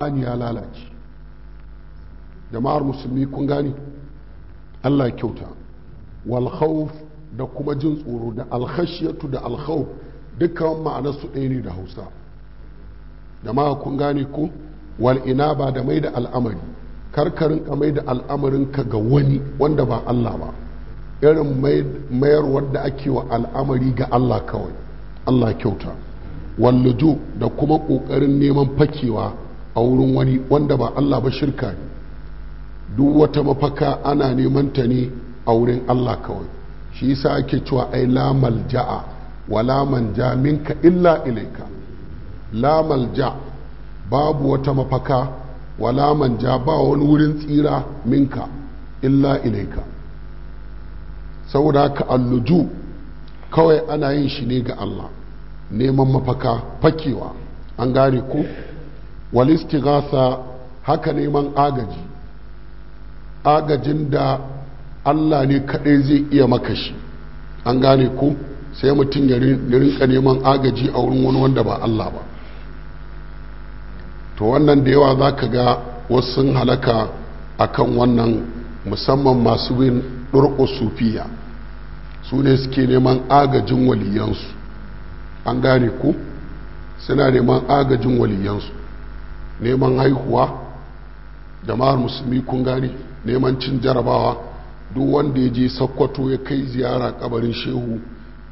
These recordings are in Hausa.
ƙani ya lalace jama'ar musulmi kun gani allah kyauta walhauf da kuma jin tsoro da alhashiyatu da alhauf dukkan ma'anar su ɗaya ne da hausa jama'a kun gane ko wal'ina ba da mai da al'amari karkarin ka mai da al'amarin ka ga wani wanda ba allah ba irin mayar da ake wa al'amari ga allah kawai allah kyauta walluju da kuma ƙoƙarin neman fakewa a wurin wani wanda ba Allah ba shirka ne duk wata mafaka ana neman ta ne a wurin Allah kawai shi yasa ake cewa ai la malja'a wa la manja minka illa ilaika la malja babu wata mafaka wa la manja ba wani wurin tsira minka illa ilaika saboda haka alluju kawai ana yin shi ne ga Allah neman mafaka fakewa an gane ko walisti gasa haka neman agaji agajin da Allah ne kaɗai zai iya maka shi an gane ku sai mutum ya rinka neman agaji a wurin wani wanda ba Allah ba to wannan da yawa za ka ga wasu sun halaka kan wannan musamman masu bin ɗurƙo sufiya su ne suke neman agajin waliyansu an gane ku suna neman agajin waliyansu neman haihuwa jama'ar musulmi kun gani neman cin jarabawa duk wanda ya je sakkwato ya kai ziyara kabarin shehu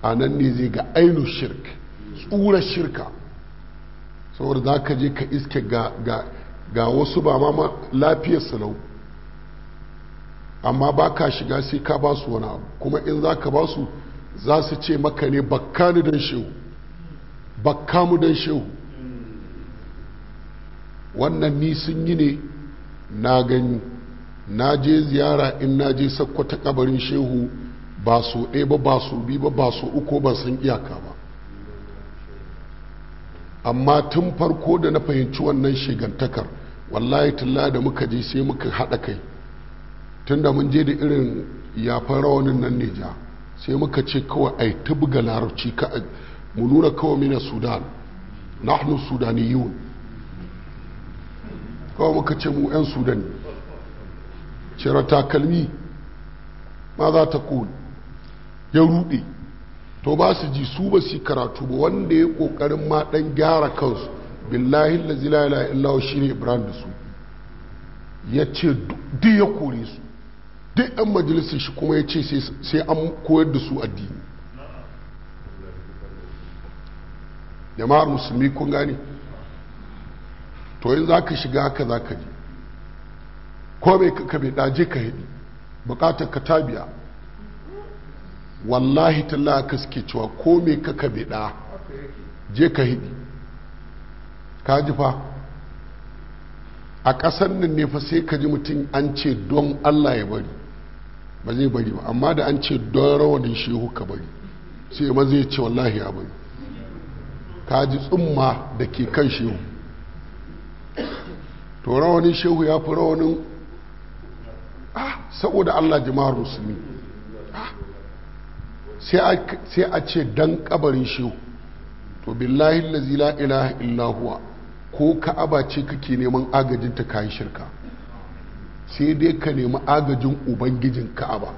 a nan ne zai ga ainu shirk tsura shirka saboda za ka je ka iske ga, wasu ba ma lafiyar salau amma ba ka shiga sai ka ba su wani abu kuma in za ka ba su za su ce maka ne bakka don shehu bakka mu don shehu wannan ni sun yi ne na gani na je ziyara in na je sakkwata kabarin shehu ba su ɗaya ba ba su biyu ba ba su uku ban san iyaka ba amma tun farko da na fahimci wannan shigantakar wallahi tilla da muka je sai muka haɗa kai tun da mun je da irin yafan rawanin nan ne ja sai muka ce kawai ai ta buga larabci mu nuna kawai mina sudan nahnu sudaniyun kawo muka ce mu 'yan sudan ne takalmi ma za ta kone ya rude to ba su ji su ba su karatu ba wanda ya kokarin ma dan gyara kansu billahi lazi la ilaha shi ne ibrahim da su ya ce duk ya kore su duk yan majalisar shi kuma ya ce sai an koyar da su addini jama'ar musulmi kun gane to yi za ka shiga haka za ka ji ko mai ka mai ɗaje ka hidi bukatar ka ta wallahi talla ka suke cewa ko mai ka ka da je ka hidi ka ji fa a ƙasar nan ne fa sai ka ji mutum an ce don allah ya bari ba zai bari ba amma da an ce don rawanin shehu ka bari sai ma zai ce wallahi ya bari ka ji tsumma da ke kan shehu to rawanin shehu ya fi rawanin ah saboda Allah jama'ar musulmi ah, sai a ce dan kabarin shehu to billahi lazila ila ilaha ko ka'aba ce kake neman agajin ta kayan shirka sai dai ka nemi agajin ubangijin ka'aba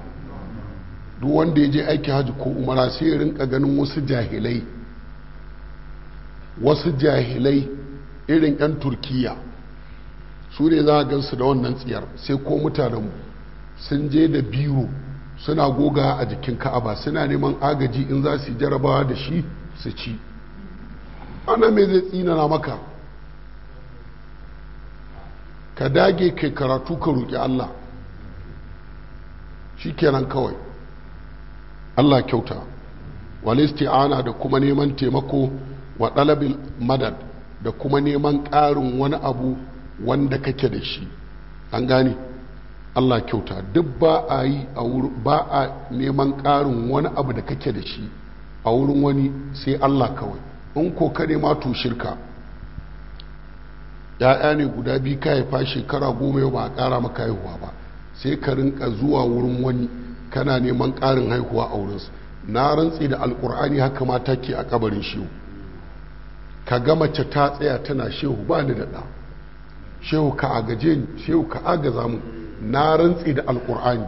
duk wanda ya je aiki hajji ko umara sai ya rinka ganin wasu jahilai wasu jahilai irin 'yan Turkiyya. su ne za a gansu da wannan tsiyar sai ko mutanenmu sun je da biyu suna goga a jikin ka'aba suna neman agaji in za su jarabawa da shi su ci ana mai zai tsinana maka ka dage kai karatu ka roƙi allah shi kenan kawai allah kyauta walisti'ana da kuma neman taimako wa ɗalabin madad da kuma neman ƙarin wani abu wanda kake da shi an gane Allah kyauta duk ba a yi a ba a neman ƙarin wani abu da kake da shi a wurin wani sai Allah kawai in ko ka nema to shirka ya'ya ne guda biyu ka haifa shekara goma yau ba a ƙara maka haihuwa ba sai ka rinka zuwa wurin wani kana neman ƙarin haihuwa a wurinsa na rantsi da alƙur'ani haka mata ke a kabarin shehu ka ga mace ta tsaya tana shehu ba ni da ɗa shehu ka agaje shehu ka agaza mu na rantsi da alkur'ani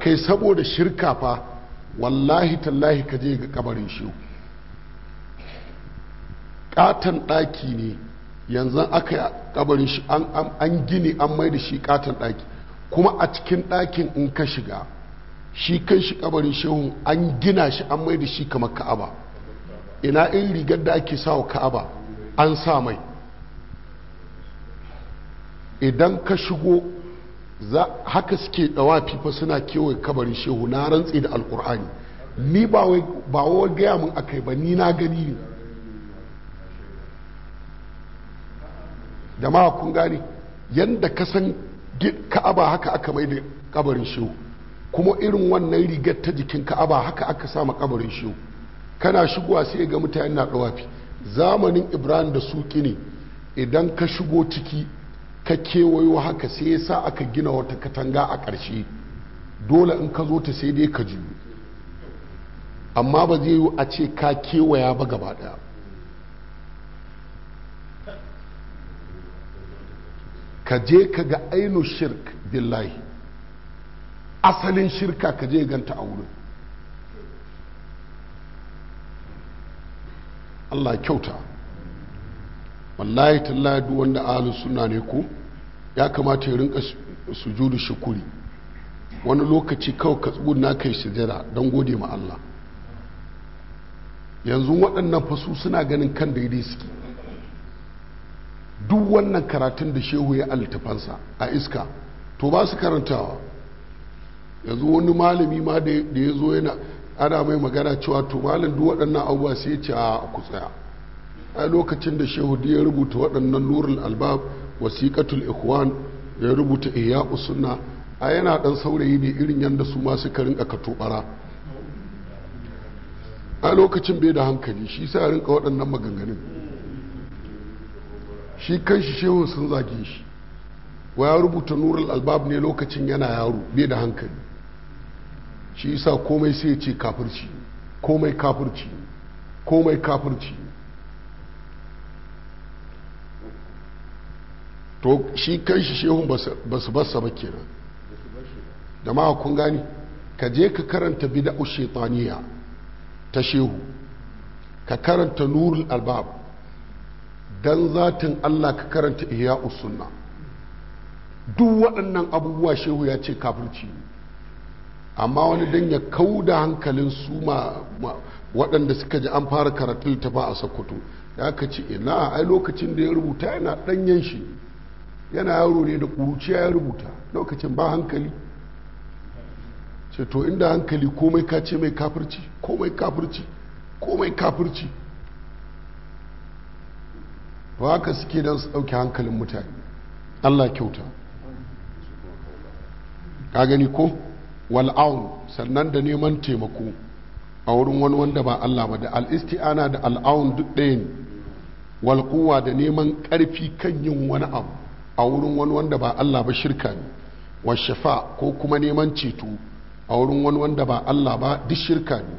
kai saboda shirka fa wallahi tallahi ka je ga kabarin shehu katon ɗaki ne yanzu aka yi kabarin shi an gini an mai da shi katon ɗaki kuma a cikin ɗakin in ka shiga shi kan shi kabarin shehu an gina shi an mai da shi kamar ka'aba ina in rigar da ake sawa ka'aba an sa mai idan ka shigo haka suke dawa fa suna kewaye kabarin shehu na rantse da alkur'ani ni ba wa gaya min akai ba ni na gani ne jama'a kun gane yadda ka san ka'aba haka aka mai da kabarin shehu kuma irin wannan rigar ta jikin ka'aba haka aka sama kabarin shehu kana shigowa sai ga mutane na dawafi zamanin ibrahim da suki ne idan ka shigo ciki ka kewayo haka sai ya sa aka gina wata katanga a ƙarshe dole in ka zo ta sai dai ka juyu amma ba zai yi a ce ka kewaya ba gaba ɗaya ka je ka ga ainu shirk billahi asalin shirka ka je ganta a wurin Allah kyauta wallahi tallahi duk wanda ahlus sunna ne ko ya kamata ya rinka sujudu shukuri wani lokaci kawai ka na kai sujada don gode ma Allah yanzu waɗannan fasu suna ganin kan daidai suke duk wannan karatun da shehu ya alitafansa a iska to ba su karantawa yanzu wani malami ma da ya zo yana ana mai magana cewa to malam duk waɗannan abubuwa sai ya ce a ku tsaya a lokacin da shehu ya rubuta waɗannan nurul albab wasiƙatul ikhwan ya rubuta iya sunna a yana ɗan saurayi ne irin yadda su ma suka rinka katobara a lokacin bai da hankali shi sa rinka waɗannan maganganun shi kan shi shehu sun zage shi wa ya rubuta nurul albab ne lokacin yana yaro bai da hankali shi sa komai sai ya ce kafirci komai kafirci komai kafirci to shi kan shi shehun ba su basa ba kenan da ma kun gani ka je ka karanta bida'u shaitaniya ta shehu ka karanta nurul albab dan zatin Allah ka karanta ihya'u sunna duk waɗannan abubuwa shehu ya ce kafirci amma wani dan ya kauda hankalin su ma waɗanda suka ji an fara karatun ta ba a sakkwato ya ka ce ina ai lokacin da ya rubuta yana ɗanyen shi yana yaro ne da ƙuruciya ya rubuta lokacin ba hankali ce to inda hankali komai ka ce mai kafirci komai kafirci komai kafirci to haka suke don su ɗauki hankalin mutane allah kyauta ka gani ko wal'aun sannan da neman taimako a wurin wani wanda ba allah ba da al'isti'ana da al'aun duk ɗaya ne walƙuwa da neman ƙarfi kan yin wani abu a wurin wani wanda ba Allah ba shirka ne wa shafa ko kuma neman ceto a wurin wani wanda ba Allah ba duk shirka ne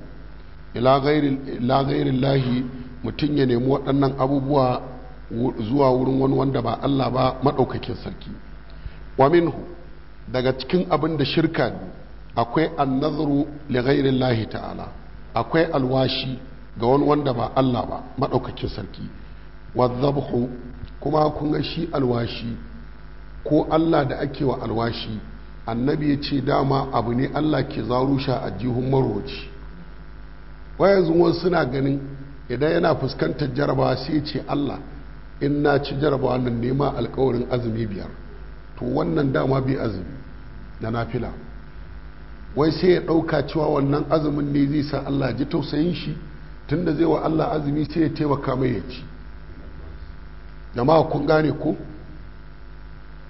ila gairin lahi mutum ya nemi waɗannan abubuwa zuwa wurin wani wanda ba Allah ba maɗaukakin sarki wa minhu daga cikin abin da shirka ne akwai annazaru li gairin lahi ta'ala akwai alwashi ga wani wanda ba Allah ba maɗaukakin sarki wa kuma kun ga shi alwashi ko Allah da ake wa alwashi annabi ya ce dama abu ne Allah ke zarusha a jihun maroci wayanzu wasu suna ganin idan yana fuskantar jarabawa sai ce Allah in na ci jarabawa nan nema alkawarin azumi biyar to wannan dama bai azumi na nafila wai sai ya ɗauka cewa wannan azumin ne zai sa Allah ji tausayin shi tunda zai wa Allah azumi sai ya taimaka mai ya ci jama'a kun gane ko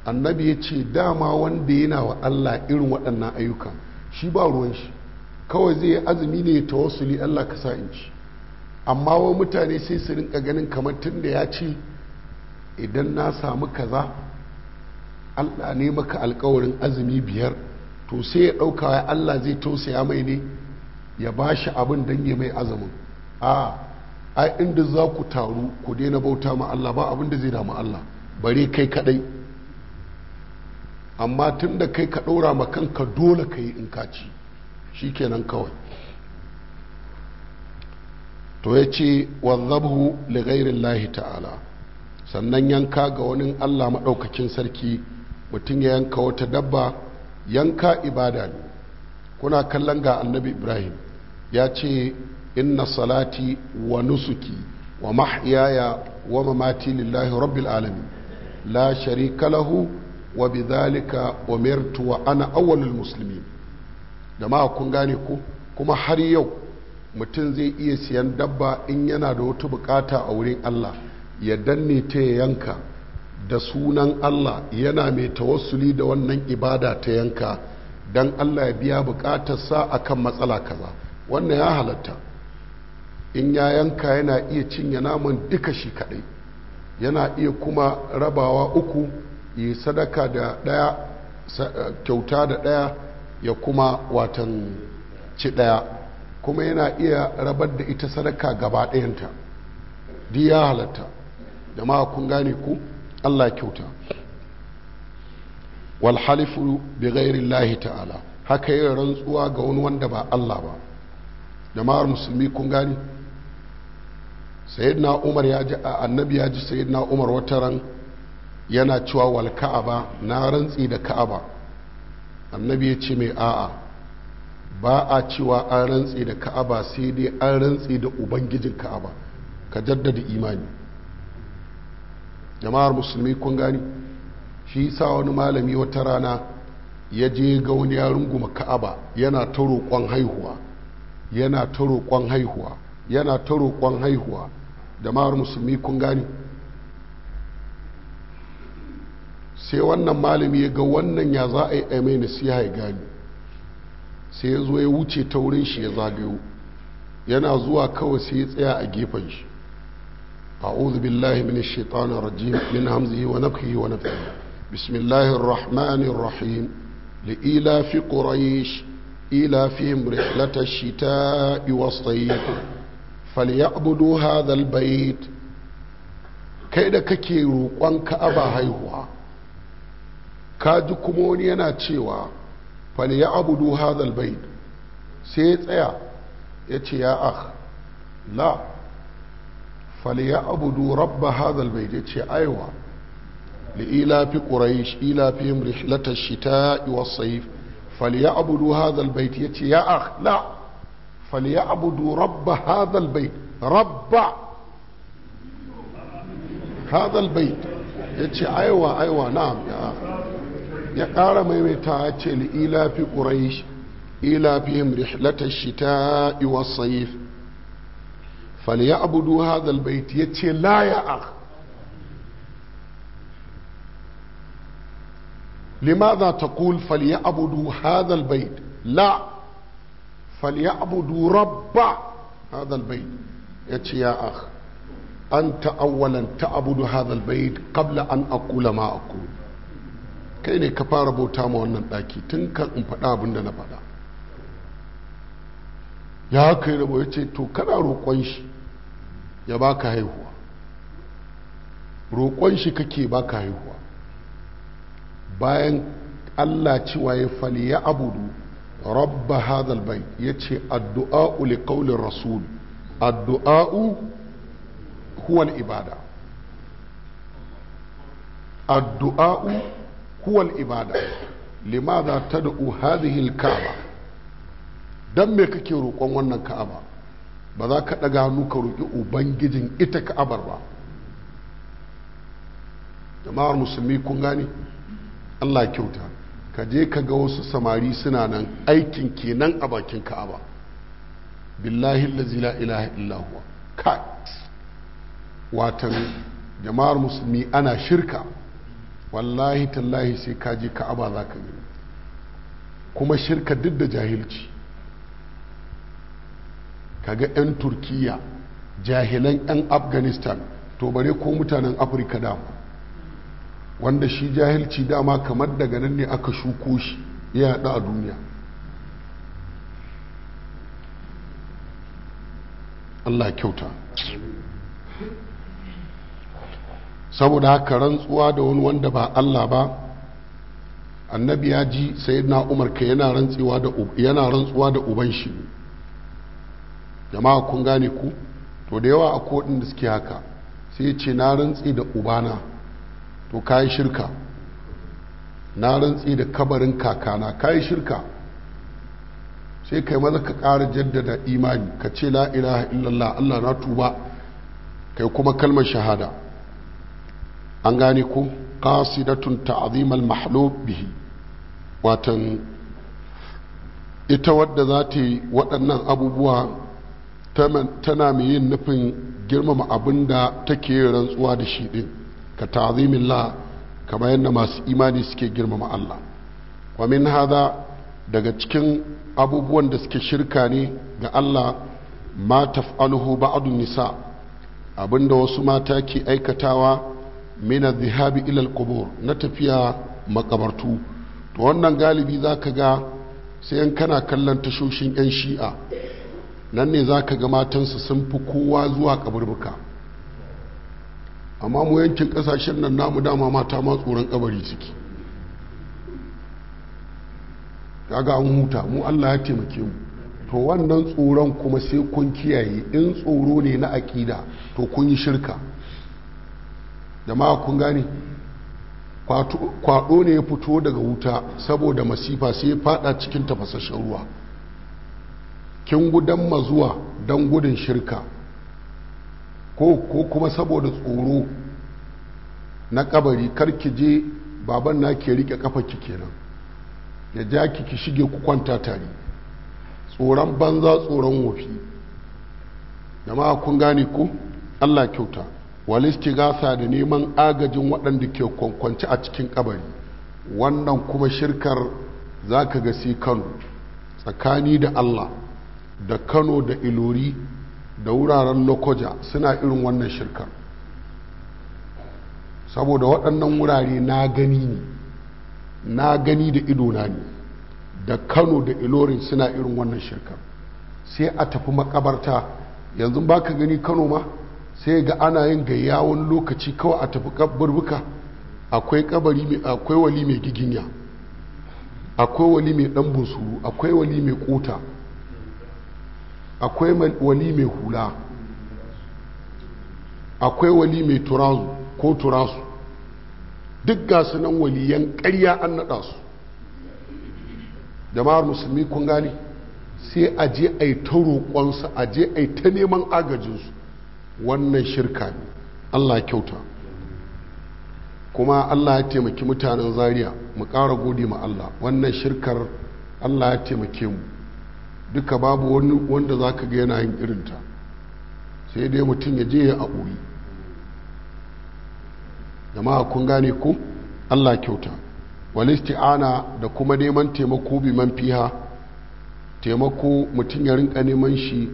annabi ya ce dama wanda yana wa Allah irin waɗannan ayyukan shi ba ruwan shi kawai zai yi azumi ne ya tawassuli Allah ka sa in ci amma wa mutane sai su rinka ganin kamar tun da ya ce idan na samu kaza Allah ne maka alkawarin azumi biyar to sai ya ɗauka wa Allah zai tausaya mai ne ya ba shi abin don ya mai azumin a a inda za ku taru ku daina bauta ma Allah ba abinda zai damu Allah bare kai kadai amma tun da kai ka ɗora ma kanka dole ka yi in ka ci shi kenan kawai to ya ce wanzabhu li ghairin lahi ta'ala sannan yanka ga wani allah maɗaukakin sarki mutum ya yanka wata dabba yanka ibada ne kuna kallon ga annabi ibrahim ya ce inna salati wa nusuki wa mahyaya wa mamati lillahi rabbil alamin la sharika lahu wa bidhalika umirtu wa ana awwalul muslimin jama'a kun gane ku. kuma har yau mutum zai iya siyan dabba in yana da wata bukata a wurin Allah ya danne ta yanka da sunan Allah yana mai tawassuli da wannan ibada ta yanka dan Allah ya biya bukatarsa akan matsala kaza wannan ya halatta in ya yanka yana iya cinye naman duka shi kadai yana iya kuma rabawa uku yi sadaka da daya eh, kyauta da daya ya kuma watan ci daya kuma yana iya rabar da ita sadaka gaba dayanta di ya halatta jama'a kun gane ku allah kyauta walhalifu bi lahi ta'ala haka yin rantsuwa ga wani wanda ba allah ba jama'ar musulmi kun gane sayyidina umar ya ji a annabi ya ji sayyidina umar wata ran yana cewa wal ka'aba na rantsi da ka'aba annabi ya ce mai a'a ba a cewa an rantsi da ka'aba sai dai an rantsi da ubangijin ka'aba ka jaddada imani jama'ar musulmi kun gani shi sa wani malami wata rana ya je ga wani ya runguma ka'aba yana ta roƙon haihuwa yana ta roƙon haihuwa yana ta roƙon haihuwa Da damar musulmi kun gani sai wannan malami ya ga wannan ya za a yi aimai na siya ya gani sai ya zo ya wuce ta wurin shi ya zagayo yana zuwa kawai sai ya tsaya a gefen shi a billahi min shaitanar rajim min hamzihi wa nafhihi wa nafhihi bismillahir rahmanir rahim li ila fi quraish ila fihim rihlata shita'i was-sayyi falyabudu hadhal bait kai da kake roƙon ka'aba haihuwa ka ji kuma wani yana cewa abudu hadhal bai sai ya tsaya ya ce ya akh la abudu rabba hadhal bai ya ce aiwa لإيلاف قريش إيلافهم رحلة الشتاء والصيف فليعبدوا هذا البيت يتي يا أخ لا فليعبدوا رب هذا البيت رب هذا البيت يتشي ايوة ايوة نعم يا يا قارم يتعاتي لإلا في قريش إلا بهم رحلة الشتاء والصيف فليعبدوا هذا البيت يتشي لا يا أخ لماذا تقول فليعبدوا هذا البيت لا abudu rabba hadha albayt yace ya akh anta awwalan ta'budu hadha albayt Kabla an aqula ma aqul kai ne ka fara bauta ma wannan ɗaki tun kan in faɗa abin da na faɗa ya kai rabo ya ce to kana roƙon shi ya baka haihuwa roƙon shi kake baka haihuwa bayan allah cewa ya fali ya abudu rabba hadal bai ya ce addu'a'u li kaulin rasul addu'a'u huwal ibada addu'a'u huwal ibada limada ta da'u hadihil ka'aba don me kake roƙon wannan ka'aba ba za ka ɗaga hannu ka roƙi ubangijin ita ka'abar ba jama'ar musulmi kun gani allah kyauta ka je ka ga wasu samari suna nan aikin kenan a bakin ka'aba billahi allazi la ilaha illa huwa watan jama'ar musulmi ana shirka wallahi tallahi sai ka je ka'aba za ka yi kuma shirka duk da jahilci Ka ga 'yan turkiya jahilan 'yan afghanistan to bare ko mutanen afirka damu wanda shi jahilci dama kamar daga nan ne aka shuko shi ya haɗu a duniya Allah kyauta saboda haka rantsuwa da wani wanda ba Allah ba annabi ya ji sai Umar ka yana rantsuwa da yana uban shi jama'a kun gane ku to da yawa a koɗin da suke haka sai ce na rantsi da ubana to kayi shirka na rantsi da kabarin kakana kayi shirka sai kai maza ka ƙara jaddada imani ka ce la ilaha illallah Allah na tuba kai kuma kalmar shahada an gane ko qasidatun ta'zimal mahlub bihi watan ita wadda za ta yi waɗannan abubuwa tana mai yin nufin girmama abin da take rantsuwa da shi ɗin ka la kamar yadda masu imani suke girmama Allah wa min hada daga cikin abubuwan da suke shirka ne ga Allah ma taf'aluhu ba'dun nisa abinda wasu mata ke aikatawa min adh-dhahabi ila al-qubur na tafiya makabartu to wannan galibi zaka ga sai in kana kallon tashoshin yan shi'a nan ne zaka ga matansu sun fi kowa zuwa kaburbuka amma mu yankin kasashen nan namu dama mata ma tsoron kabari ciki kaga an huta mu Allah ya taimake mu to wannan tsoron kuma sai kun kiyaye in tsoro ne na aƙida to kun yi shirka jama'a kun gane kwaɗo ne ya fito daga wuta saboda masifa sai ya fada cikin tafasasshen ruwa kin gudan mazuwa don gudun shirka ko ko kuma saboda tsoro na kabari karki je baban na ke rike kafarki kenan ya ja ki ki shige ku kwanta tare tsoron banza tsoron wofi jama'a kun gane ku? Allah kyauta walisti gasa da neman agajin waɗanda ke kwankwanci a cikin kabari wannan kuma shirkar za ka gasi kano tsakani da Allah da kano da ilori da wuraren lokoja suna irin wannan shirkar saboda waɗannan wurare na gani ne na gani da idona ne da kano da ilorin suna irin wannan shirkar sai a tafi makabarta yanzu ba ka gani kano ma sai ga ana yin gayya wani lokaci kawai a tafi burbuka akwai kabari akwai wali mai giginya akwai wali mai ɗan bunsuru akwai wali mai kota akwai wali mai hula akwai wali mai turazu ko turasu duk gasu nan waliyan ƙarya an naɗa su jama'ar musulmi kun gane sai a je a yi ta roƙonsu a je a yi ta neman agajinsu wannan shirka ne allah kyauta kuma allah ya taimaki mutanen zaria mu ƙara gode ma allah wannan shirkar allah ya taimake mu duka babu wani wanda za ka ga yana yin irinta sai dai mutum ya je ya aɓoyi jama'a kun gane ku allah kyauta ana da kuma neman taimako bi man fiha taimako mutum ya rinka neman shi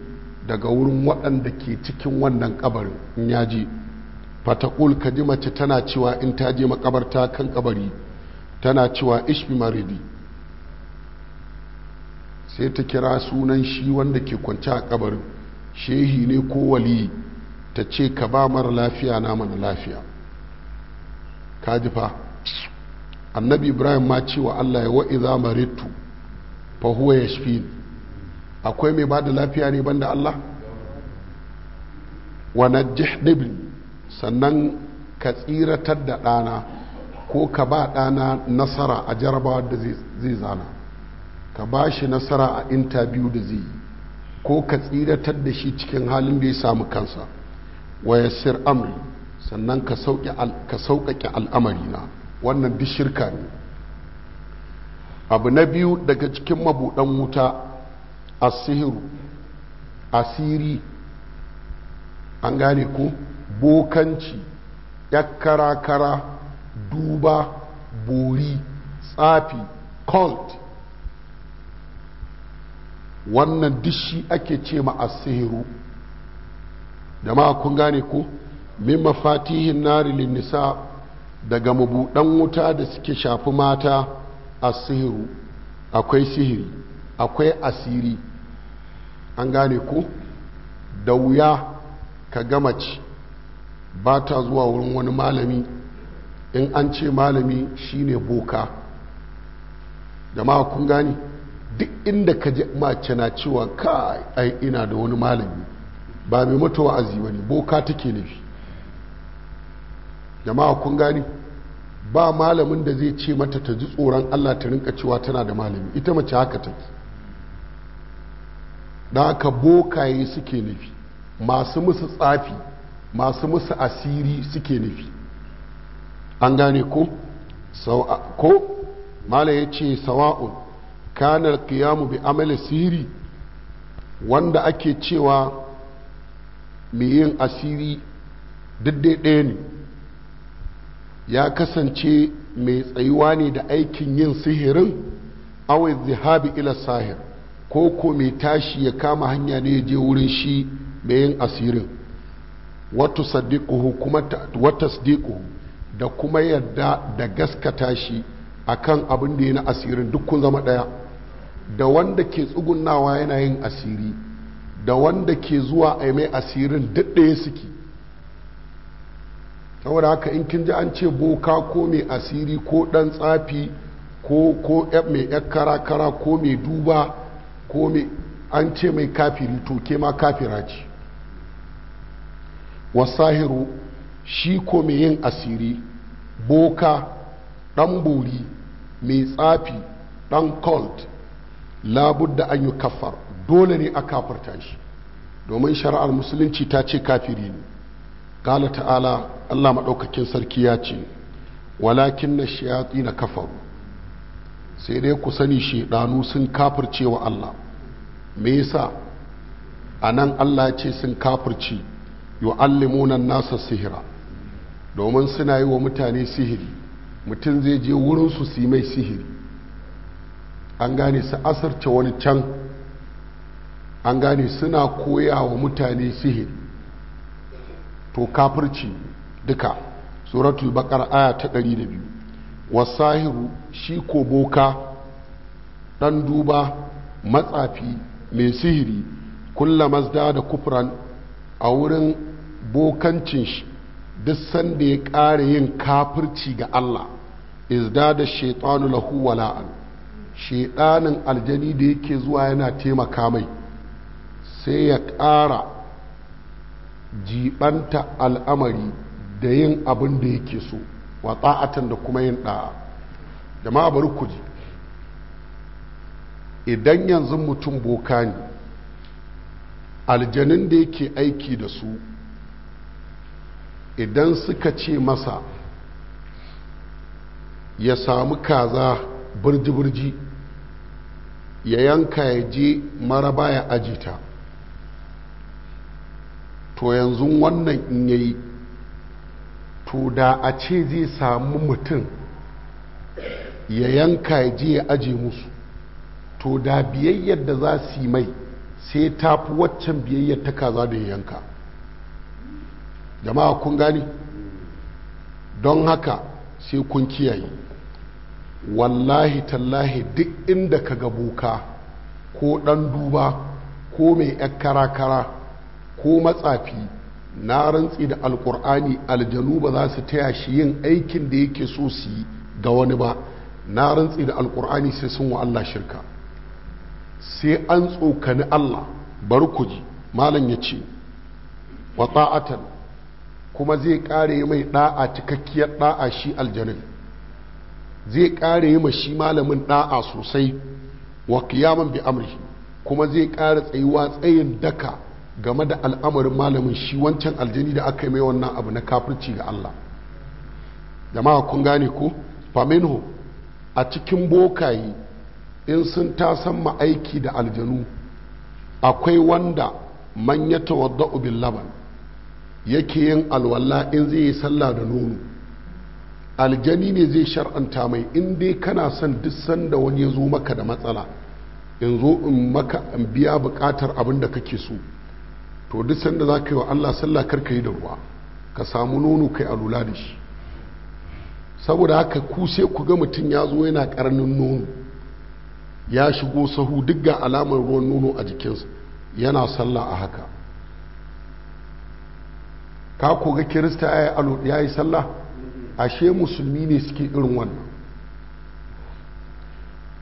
daga wurin waɗanda ke cikin wannan kabarin in ya ji fatakul ka ji mace tana cewa in ta je makabarta kan kabari tana cewa ishbi maridi sai ta kira sunan shi wanda ke kwanci a kabarin shehi ne ko wali ta ce ka ba mara lafiya na mana lafiya ji fa annabi ibrahim ma cewa allah ya wai wa'iza maritu fa huwa yashfin akwai mai bada lafiya ne banda allah wa najjih sannan ka tsiratar da ɗana ko ka ba ɗana nasara a jarabawa da zai zana ka ba shi nasara a intabiyu da zai ko ka tsiratar da shi cikin halin da ya samu kansa waya sir amri sannan ka sauƙaƙe al'amari na wannan duk shirka ne abu na biyu daga cikin mabuɗan wuta asihiru asiri an gane ku bokanci yakkara-kara duba bori tsafi cult wannan dishi ake ce ma asihiru jama'a kun gane ku min mafatihin nari nisa daga mabuɗan wuta da suke shafi mata a sihiru akwai sihiri akwai asiri an gane ku da wuya ka gamace ba ta zuwa wurin wani malami in an ce malami shine boka jama'a kun gane duk inda ka ji mace na cewa kai ai ina da wani malami ba mai mata wa'azi ba ne boka take nufi jama'a kun gani ba malamin da zai ce mata ta ji tsoron allah ta rinka cewa tana da malami ita mace haka take da haka bokaye suke nufi masu musu tsafi masu musu asiri suke nufi an gane ko ko mala ce sawa'un kanar kiyamu bi amali siri wanda ake cewa miyin yin asiri daidai ɗaya ne ya kasance mai tsayuwa ne da aikin yin sihirin awai zihabi ila sahir ko ko mai tashi ya kama hanya ne ya je wurin shi mai yin asirin wata sadiquhu kuma da kuma yadda da gaskata shi akan abin da ya na asirin duk kun zama ɗaya da wanda ke tsugunawa yana yin asiri da wanda ke zuwa a mai asirin daɗaya suke saboda haka in kin ji an ce boka ko mai asiri ko ɗan tsafi ko ko mai yar kara-kara ko mai duba ko mai an ce mai kafiri to ke ma kafira ce wasahiru shi ko mai yin asiri boka ɗan bori mai tsafi ɗan cult labudda an yi kafar dole ne a kafarta shi domin shari'ar musulunci ta ce kafiri ne kala ta'ala allah maɗaukakin sarki ya ce walakin na shayatsi na kafaru sai dai ku sani shaidanu sun kafirce wa allah me yasa a nan allah ya ce sun kafirce yu'allimuna nasa sihira domin suna yi wa mutane sihiri mutum zai je wurinsu su yi mai sihiri an gane su asarta wani can an gane suna koya wa mutane sihiri to kafirci duka suratul bakar aya ta ɗari da 102 wasahiru shi ko boka dan duba matsafi mai sihiri kulla mazda da kufran a wurin bokancin shi duk sanda ya ƙara yin kafirci ga Allah izda da shaitanu lahu wala'an shedanin aljani da yake zuwa yana taimaka mai sai ya ƙara jibanta al'amari da yin abin da yake so wa da kuma yin ɗa'a jama'a bari ku ji idan yanzu mutum boka ne aljanin da yake aiki da su idan suka ce masa ya samu kaza birji-birji ya yanka ya je maraba ya ajita to yanzu wannan in yayi to da a ce zai samu mutum ya yanka ya je ya aje musu to da biyayyar da za su yi mai sai ta fi waccan biyayyar ta kaza da ya yanka jama'a kun gani don haka sai kun kiyaye wallahi tallahi duk inda ka ga boka ko ɗan duba ko mai ‘yar kara-kara ko matsafi na rantsi da Alƙur'ani, aljanu ba za su taya shi yin aikin da yake so su yi ga wani ba na rantsi da alkur'ani sai sun wa Allah shirka sai an tsokani Allah bar ku ji malam ya ce wa kuma zai ƙare mai ɗa'a cikakkiyar ɗa'a shi aljanin zai ƙara yi shi malamin ɗa'a sosai wa kiyaman bi amri kuma zai ƙara tsayuwa tsayin daka game da al'amarin malamin shi wancan aljini da aka yi mai wannan abu na kafirci ga Allah jama'a kun gane ko faminho a cikin bokaye in sun ta tasan aiki da aljanu akwai wanda man ya tawadda'u bil laban yake yin alwala in zai yi sallah da nono aljani ne zai shar'anta mai in dai kana son duk sanda wani ya zo maka da matsala in zo in maka in biya bukatar abin da kake so to duk sanda za ka yi wa Allah sallah kar ka yi da ruwa ka samu nono kai alula da shi saboda haka ku sai ku ga mutum ya zo yana karanin nono ya shigo sahu duk ga alamar ruwan nono a jikinsa yana sallah a haka ka koga kirista ya yi sallah ashe musulmi ne suke irin wannan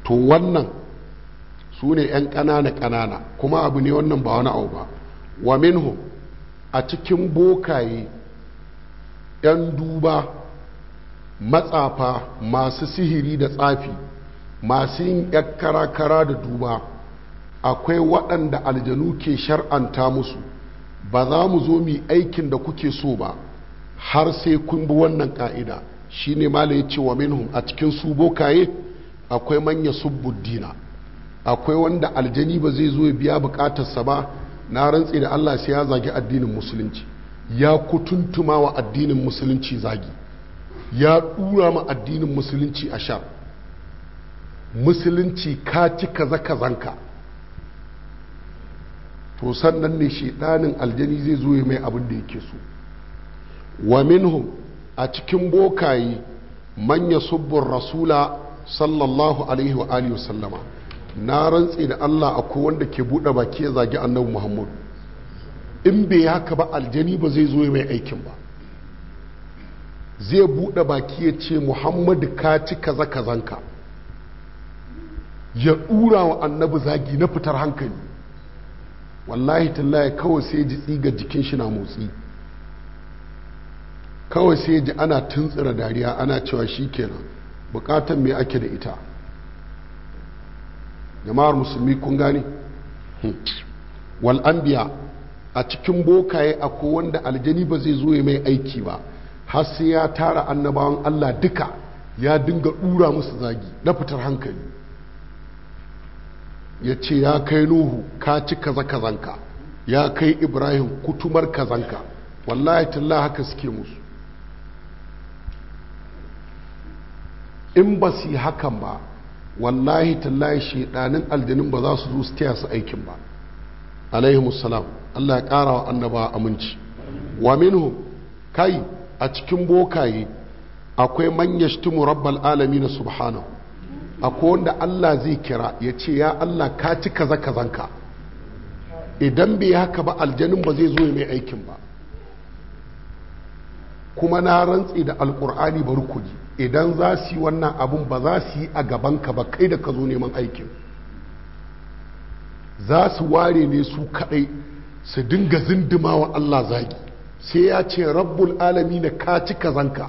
to wannan su ne 'yan ƙanana ƙanana kuma abu ne wannan ba wani abu ba wa minhu a cikin bokaye 'yan duba matsafa masu sihiri da tsafi masu yin kara-kara da duba akwai waɗanda aljanu ke shar'anta musu ba za mu zo mu aikin da kuke so ba har sai kun bi wannan ka'ida shine mala ya ce wa minhum a cikin su bokaye akwai manya subbuddina akwai wanda aljani ba zai zo ya biya bukatarsa ba na rantse da Allah sai ya zagi addinin musulunci ya kutuntuma wa addinin musulunci zagi ya dura ma addinin musulunci a sha musulunci ka ci kaza kazanka to sannan ne ɗanin aljani zai zo ya mai abin da yake so wa minhum a cikin bokayi manya subbun rasula sallallahu alaihi wa alihi sallama na rantse da Allah akwai wanda ke buɗe baki ya zagi annabi Muhammad in bai haka ba aljani ba zai zo mai aikin ba zai buɗe baki ya ce Muhammad ka ci kaza kazanka ya dura wa annabi zagi na fitar hankali wallahi tallahi kawai sai ji tsiga jikin shi na motsi kawai sai ji ana tuntsira dariya ana cewa shi kenan bukatan me ake da ita jama'ar musulmi kun gane Wal'ambiya a cikin bokaye akwai wanda aljani ba zai zo ya mai aiki ba har sai ya tara annabawan Allah duka ya dinga dura musu zagi na fitar hankali ya ce ya kai nuhu ka ci kaza kazanka ya kai ibrahim kutumar kazanka wallahi talla haka suke musu in ba su yi hakan ba wallahi tallahi shedanin aljanin ba za su zo su taya su aikin ba alaihimus Allah ya ƙara wa annaba aminci wa minhu kai a cikin bokaye akwai manyan shtimu rabbal alami na subhanahu akwai wanda Allah zai kira ya ce ya Allah ka ci kaza kazanka idan bai haka ba aljanin ba zai zo mai aikin ba kuma na rantsi da alkur'ani bari ku ji idan za su yi wannan abun ba za su yi a gabanka ba kai da ka zo neman aikin za su ware ne su kaɗai su dinga zindima wa Allah zagi sai ya ce rabbul alami na ka ci kazanka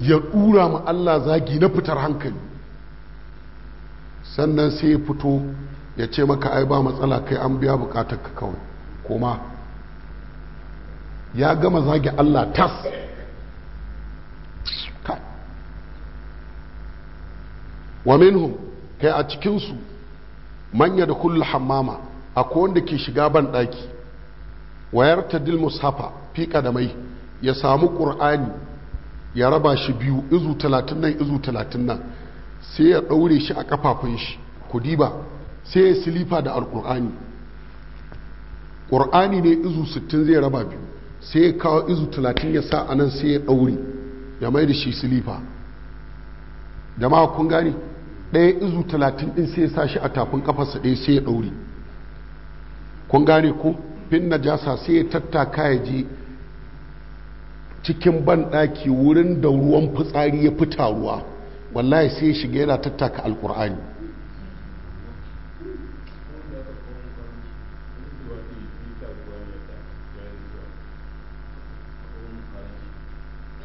ya ɗura ma Allah zagi na fitar hankali sannan sai ya fito ya ce maka ai ba matsala kai an biya bukatar ka kawai koma ya gama zagi Allah tas wa minhum kai a cikinsu manya da kullu hammama akwai wanda ke shiga ban daki wayar ta mushafa fiƙa da mai ya samu ƙur'ani ya raba shi biyu izu talatin nan izu talatin nan sai ya ɗaure shi a kafafun shi ku diba sai ya silifa da alƙur'ani ƙur'ani ne izu sittin zai raba biyu sai ya kawo izu talatin ya sa a nan sai ya ɗaure ya mai da shi silifa jama'a kun gane ɗaya izu talatin ɗin sai ya sa shi a tafin kafarsa ɗaya sai ya ɗauri kun gane ko fin najasa sai ya tattaka ya je cikin banɗaki wurin da ruwan fitsari ya fita ruwa wallahi sai ya shiga yana tattaka alkur'ani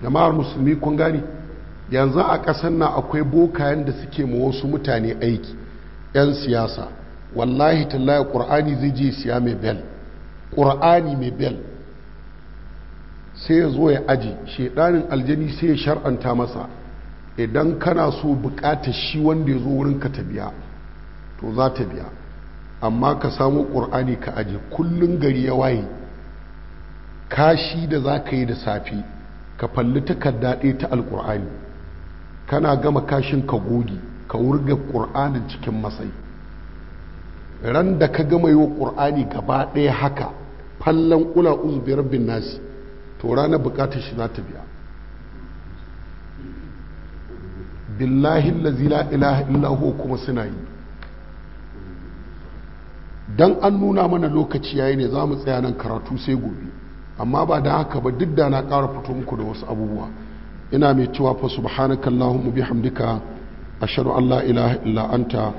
jama'ar musulmi kun gane yanzu a kasan nan akwai bokayen da suke ma wasu mutane aiki 'yan siyasa wallahi tallaya ƙur'ani zai je siya mai bel ƙur'ani mai bel sai ya zo ya aji shaidanin aljani sai ya shar'anta masa idan kana so buƙatar shi wanda ya zo wurin ka ta biya to za ta biya amma ka samu ƙur'ani ka aji. kullum gari ya waye kashi da za ka yi da safe. ka falli takarda ɗaya ta alƙur'ani kana gama kashin ka gogi ka wurga ƙur'anin cikin matsayi. ran da ka gama yi wa ƙur'ani gaba ɗaya haka fallon ƙula biyar rabbin nasi to ranar buƙatar shi za ta biya billahi lazi la ilaha illahu kuma suna yi dan an nuna mana lokaci yayi ne za mu tsaya nan karatu sai gobe amma ba da haka ba duk da na ƙara fito muku da wasu abubuwa ina mai cewa fa subhanaka allahumma bihamdika ashhadu an la ilaha illa anta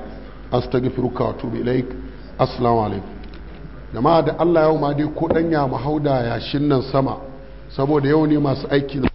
astaghfiruka wa atubu ilaik assalamu alaikum jama'a da Allah yau ma dai ko danya mu hauda yashin nan sama saboda yau ne masu aiki